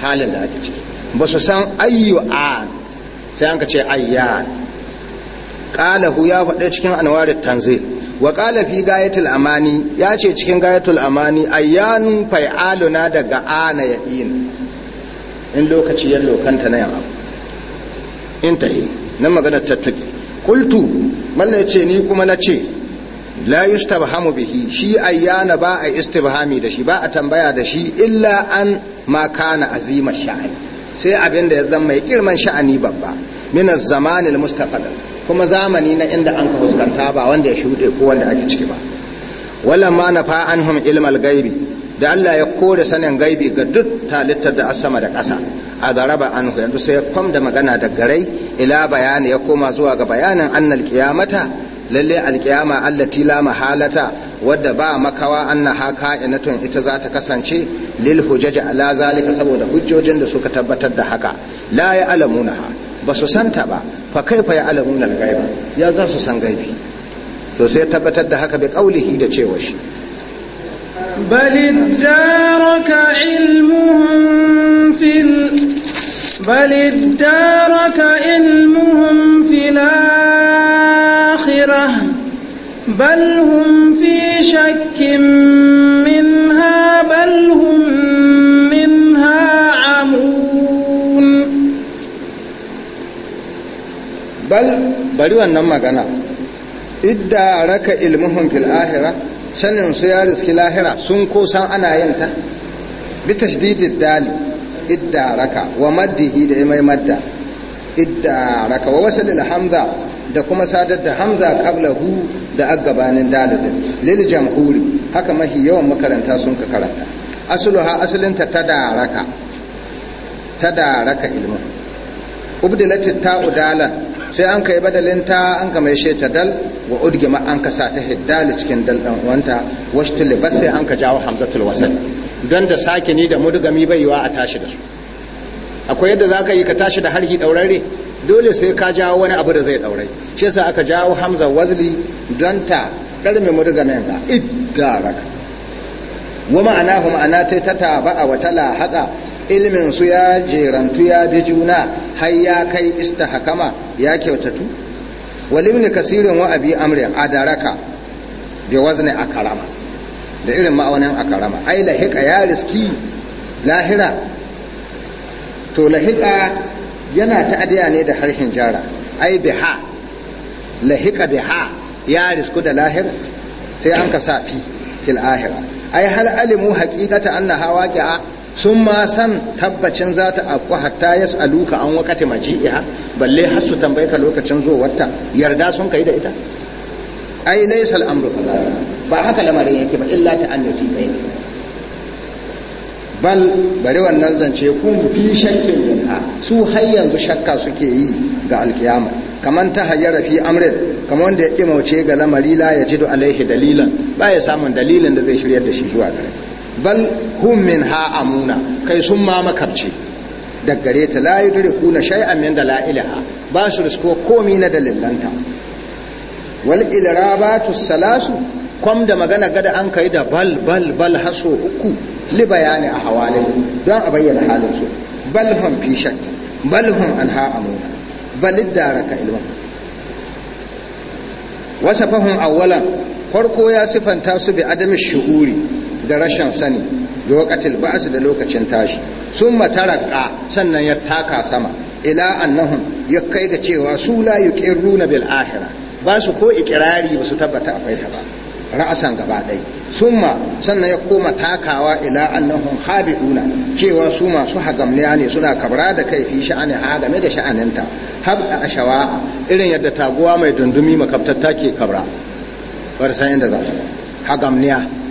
halin da ake ciki ba su san ayyu an sai an ka ce ayyan hu ya faɗe cikin anwarit tanzil wa qala fi gayatul amani ya ce cikin gayatul amani ayyanun fa'aluna daga ana ya'in in lokaci ya lokanta na yamma in ta yi. na magana tattaki Kultu. malla ya ce ni kuma na ce la yustabhamu bihi shi ayyana ba a istibhami da shi ba a tambaya da shi illa an ma kana azima sha'ani sai abin da ya zama mai girman sha'ani babba min az-zaman al kuma zamani na inda an ka fuskanta ba wanda ya shuɗe ko wanda ake ciki ba wala ma nafa anhum ilmal ghaibi da Allah ya kore sanin gaibi ga duk halittar da sama da ƙasa a garaba an yanzu sai ya da magana da garai ila bayani ya koma zuwa ga bayanin annal kiyamata lalle alkiyama allati la mahalata wadda ba makawa annaha ka'inatun ita za ta kasance lil hujaj ala zalika saboda hujjojin da suka tabbatar da haka la ya ba su santa ba fa kaifa ya al ya za su san gaibi to sai tabbatar da haka bi qaulihi da cewa shi بل ادارك علمهم في ال... بل ادارك علمهم في الآخرة بل هم في شك منها بل هم منها عمون بل بل wannan magana idda raka ilmuhum fil akhirah sanin su ya riski lahira sun san ana yin ta bi tashdidid dali raka wa maddihi da mai madda raka wa wasal al hamza da kuma sadar da hamza qablahu da aggabanin dalilin lil jamhuri haka mahi yawan makaranta sun ka karanta asluha ta tadaraka tadaraka ilmu ubdilat ta'u sai an kai badalinta an ka mai ta dal wa udgima an ka sa ta hiddali cikin dal dan uwanta washtu libas sai an ka jawo hamzatul wasal don da sake ni da mudugami bai yiwa a tashi da su akwai yadda za ka yi ka tashi da harhi daurare dole sai ka jawo wani abu da zai daurai shi yasa aka jawo hamza wazli don ta ɗarme mudugamin ka raka wa ma'ana ma'ana ta ta ba'a wa tala haɗa. ilmin su ya jerantu ya bi juna har ya kai istahakama ya kyautatu walimni kasirin wa abi amri adaraka bi wazni akarama da irin ma'aunin akarama ai lahiqa ya riski lahira to lahiqa yana ta'adiya ne da harshen jara ai biha lahiqa biha ya risku da lahira sai an ka sa fi fil ahira ai hal alimu haqiqata annaha waqi'a sun ma san tabbacin za ta afku hatta ya ka an wakati maji'iha balle har su tambaye ka lokacin zuwarta yarda sun kai da ita ai laysal amru ba haka lamarin yake ba illa ta annati bai ne bal bari wannan zance kun fi shakkin ha su har yanzu shakka suke yi ga alkiyama kaman ta hayyara fi amrin kamar wanda ya dimauce ga lamari la ya alaihi dalilan ba ya samun dalilin da zai shiryar da shi zuwa gare bal hum ha amuna kai sun ma makarce da gare ta la shai shay'an min la'ilaha ba su risko komi na dalilanta wal ilrabatu salasu kwam da magana gada an kai da bal bal bal haso uku li bayani a hawalin don a bayyana halin su bal hum fi shak bal hum an ha amuna bal daraka ilman wasafahum awwalan farko ya sifanta su bi adami shu'uri da rashin sani ba ba'su da lokacin tashi sun mataraka sannan ya taka sama ila annahum ya kai ga cewa su la yuqirruna bil ahira ba su ko ikirari ba su tabbata akwai ta ba ra'asan gaba dai summa sannan ya koma takawa ila annahum habiduna cewa su masu hagamniya ne suna kabra da kai fi sha'ani ha game da sha'aninta habda ashawa irin yadda taguwa mai dundumi makabtar take kabra bar san inda za hagamniya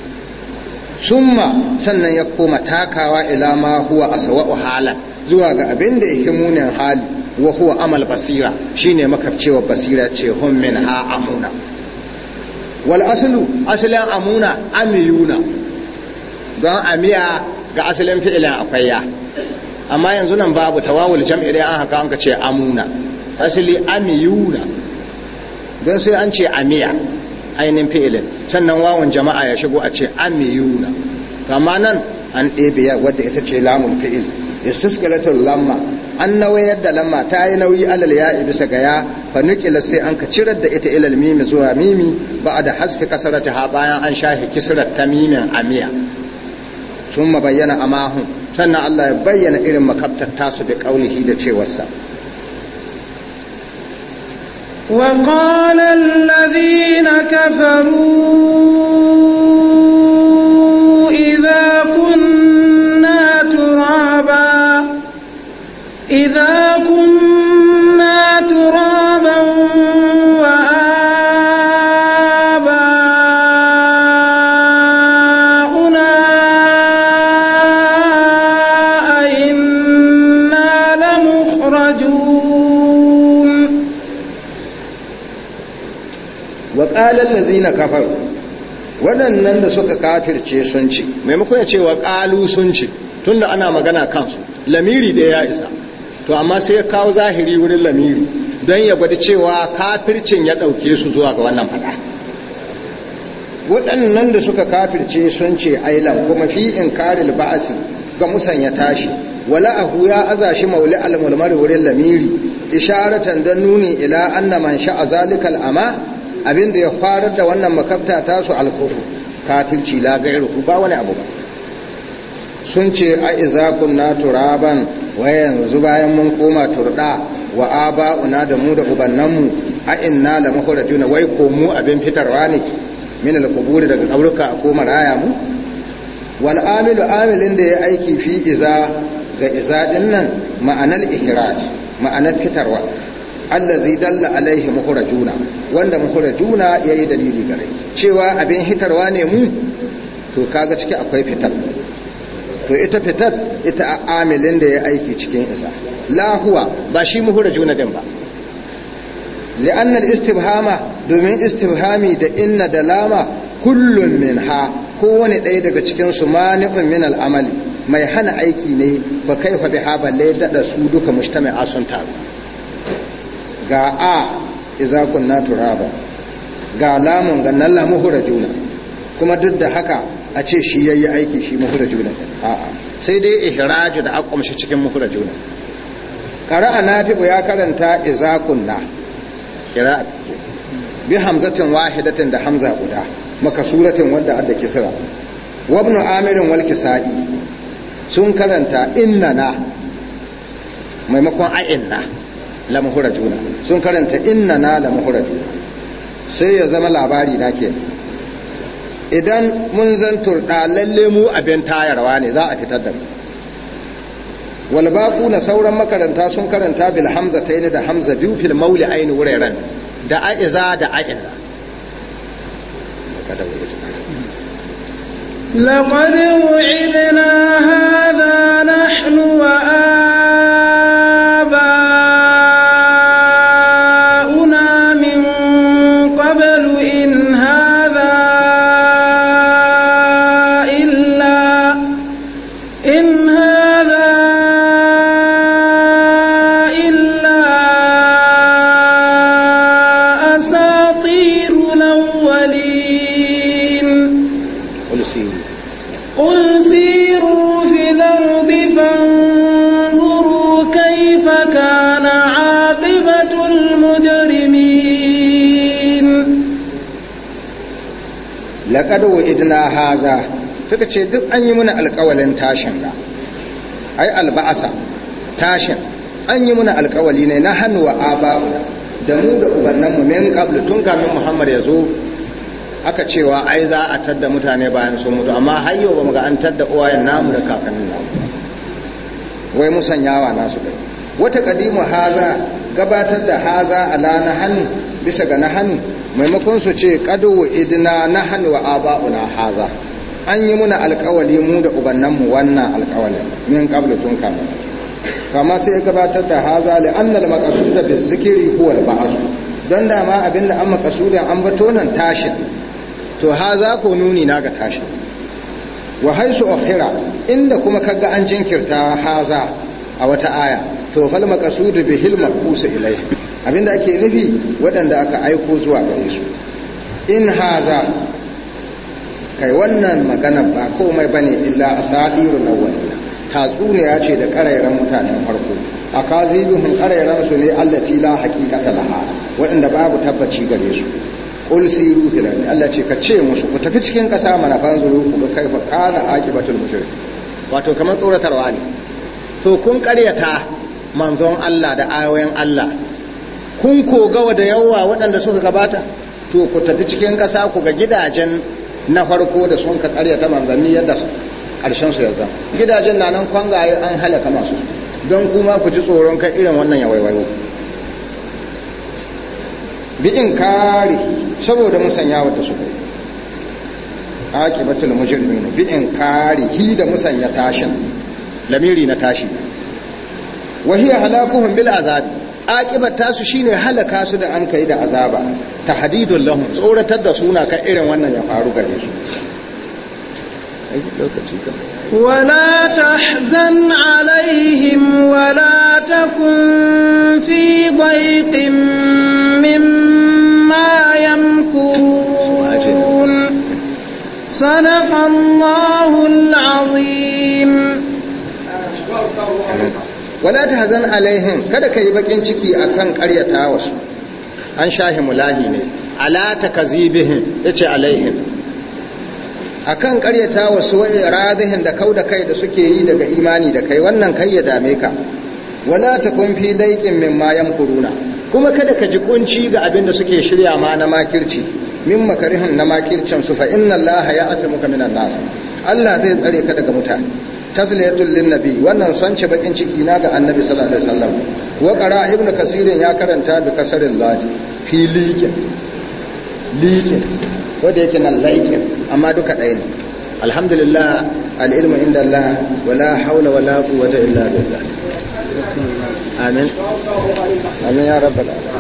summa sannan ya koma takawa ila ma huwa sawa'u halan zuwa ga abin da yake munin hali wa huwa amal basira shine makabcewa basira ce hum min ha amuna wal aslu aslan amuna amiyuna don amiya ga asalin fi'ilin akwai ya amma yanzu nan babu tawawul jam'i dai an haka an ka ce amuna asali amiyuna don sai an ce amiya ainihin fi'ilin sannan wawan jama'a ya shigo a ce an amiyuna amma nan an ɗebe wadda ita ce lamun fi'il istiskalatul lamma an nawayar da lamma ta yi nauyi alal ya bisa ga ya fa nukila sai an ka cirar da ita ilal mimi zuwa mimi ba a da hasfi ta ha bayan an shahi kisrar ta mimin amiya sun bayyana amahun sannan Allah ya bayyana irin makabtar tasu da kaulihi da cewarsa وقال الذين كفروا kafar waɗannan da suka kafirce sun ce maimakon ya cewa ƙalu sun ci tun da ana magana kansu lamiri ɗaya ya isa to amma sai ya kawo zahiri wurin lamiri don ya gwada cewa kafircin ya ɗauke su zuwa ga wannan faɗa waɗannan da suka kafirce sun ce ailan kuma fi in karil ba'asi ga musan ya tashi wala ahu ya aza shi mauli almulmari wurin lamiri isharatan don nuni ila anna man sha'a zalikal amma. abin da ya farar da wannan makabta su alkufru kafirci la gairu ba wani abu ba sun ce a iza kunna turaban wa yanzu bayan mun koma turda wa aba'una da mu da ubannanmu a inna la mukhrajuna wai ko mu abin fitarwa ne min al daga kaburka a koma raya mu wal amilu amilin da ya aiki fi iza ga iza dinnan nan ma'anar ihraj ma'anar fitarwa allazi dalla alaihi juna. wanda muhrajuna yayi dalili gare cewa abin hitarwa ne mu to kaga ciki akwai fitar to ita fitar ita amilin da ya aiki cikin isa la huwa ba shi muhura muhrajuna din ba li'annal al-istibhama domin istibhami da inna da lama ha ko kowane ɗaya daga cikin su mani'un min al-amali mai hana aiki ne ba kai fa ha balle dada su duka mujtama'a sun taru ga a iza kunna turaba ga lamun ga nan hura juna kuma duk da haka a ce shi ya yi aiki shi juna a'a sai dai ihraju da akwamshi cikin muhrajuna qara'a nafi'u ya karanta iza kunna qira'a bi hamzatin wahidatin da hamza guda suratin wanda adda kisra wabnu amirin wal sa'i sun karanta innana maimakon a'inna juna sun karanta inna na juna sai ya zama labari na ke idan mun zan turɗa lalle mu abin tayarwa ne za a fitar da mu walbaku na sauran makaranta sun karanta bil hamza ta da hamza biyu fil mauli aini wuraren da a'iza da a'inna لقد وعدنا هذا نحن وآخر laƙar idina haza suka ce duk an yi muna alƙawalin tashin ga ai alba'asa tashin an yi muna alƙawali ne na hannu wa aba'una da mu da mu min qablu tun kamin muhammad ya zo aka cewa ai za a tadda mutane bayan sun mutu amma har yau ba mu ga an tadda uwayen namu da kakannin namu wai musanyawa nasu kai wata kadimu haza gabatar da haza ala na hannu bisa ga na hannu maimakon su ce kadu na hannu wa aba'una haza an yi muna alkawali mu da ubannanmu wannan alkawalin min kabla tun kamun kama sai gabatar da haza li anna al maqsuda bi zikiri huwa al ba'su don dama abinda an maqsuda an bato nan tashin to haza ko nuni na ga tashin wa haisu akhira inda kuma ka ga an jinkirta haza a wata aya to fal maqsudu hilma kusa ilayhi abinda ake nufi waɗanda aka aiko zuwa gare su in haza kai wannan magana ba komai ba ne illa a sa'iru na wani tatsuniya ce da ƙarairan mutanen farko a kazibihun ƙarairan su ne allati la ta laha waɗanda babu tabbaci gare su qul siru fil Allah ce ka ce musu ku tafi cikin ƙasa mana fanzuru ku ga kaifa kana aqibatul mushrikin wato kamar tsoratarwa ne to kun ƙaryata manzon Allah da ayoyin Allah kun kogawa da yawa waɗanda suka gabata to ku tafi cikin ƙasa ku ga gidajen na farko da sun ka ta manzanni yadda ƙarshen su yadda gidajen na nan kwangaye an halaka masu don kuma ku ji tsoron kai irin wannan ya waiwayo bi'in kare saboda musanya wata su kai aqibatul mujrimina kare hi da musanya tashin lamiri na tashi wa hiya halakuhum bil azabi aƙibar tasu shine halaka su da an kai da azaba ta hadidun lahum tsoratar da suna kan irin wannan ya faru gare su ولا تحزن عليهم ولا تكن في ضيق مما يمكرون صدق الله العظيم wala ta hazan kada ka yi bakin ciki akan karyata wasu an shahi mulahi ne ala ta kazibihim yace alaihim akan karyata wasu wai radihin da kau da kai da suke yi daga imani da kai wannan kai ya dame ka wala ta kun fi laikin min ma yamkuruna kuma kada ka ji kunci ga abin da suke shirya ma na makirci min makarihin na makircin su fa inna allaha ya asimuka minan nas Allah zai tsare ka daga mutane tasliyatul linnabi wannan sance bakin ciki na ga annabi sallallahu alaihi wasallam wa qara ibn kasirin ya karanta bi kasarin ladi fi liqin liqin wanda yake nan laikin amma duka ɗaya ne alhamdulillah al'ilmu inda Allah wala haula wala quwwata illa billah amin amin ya rabbal alamin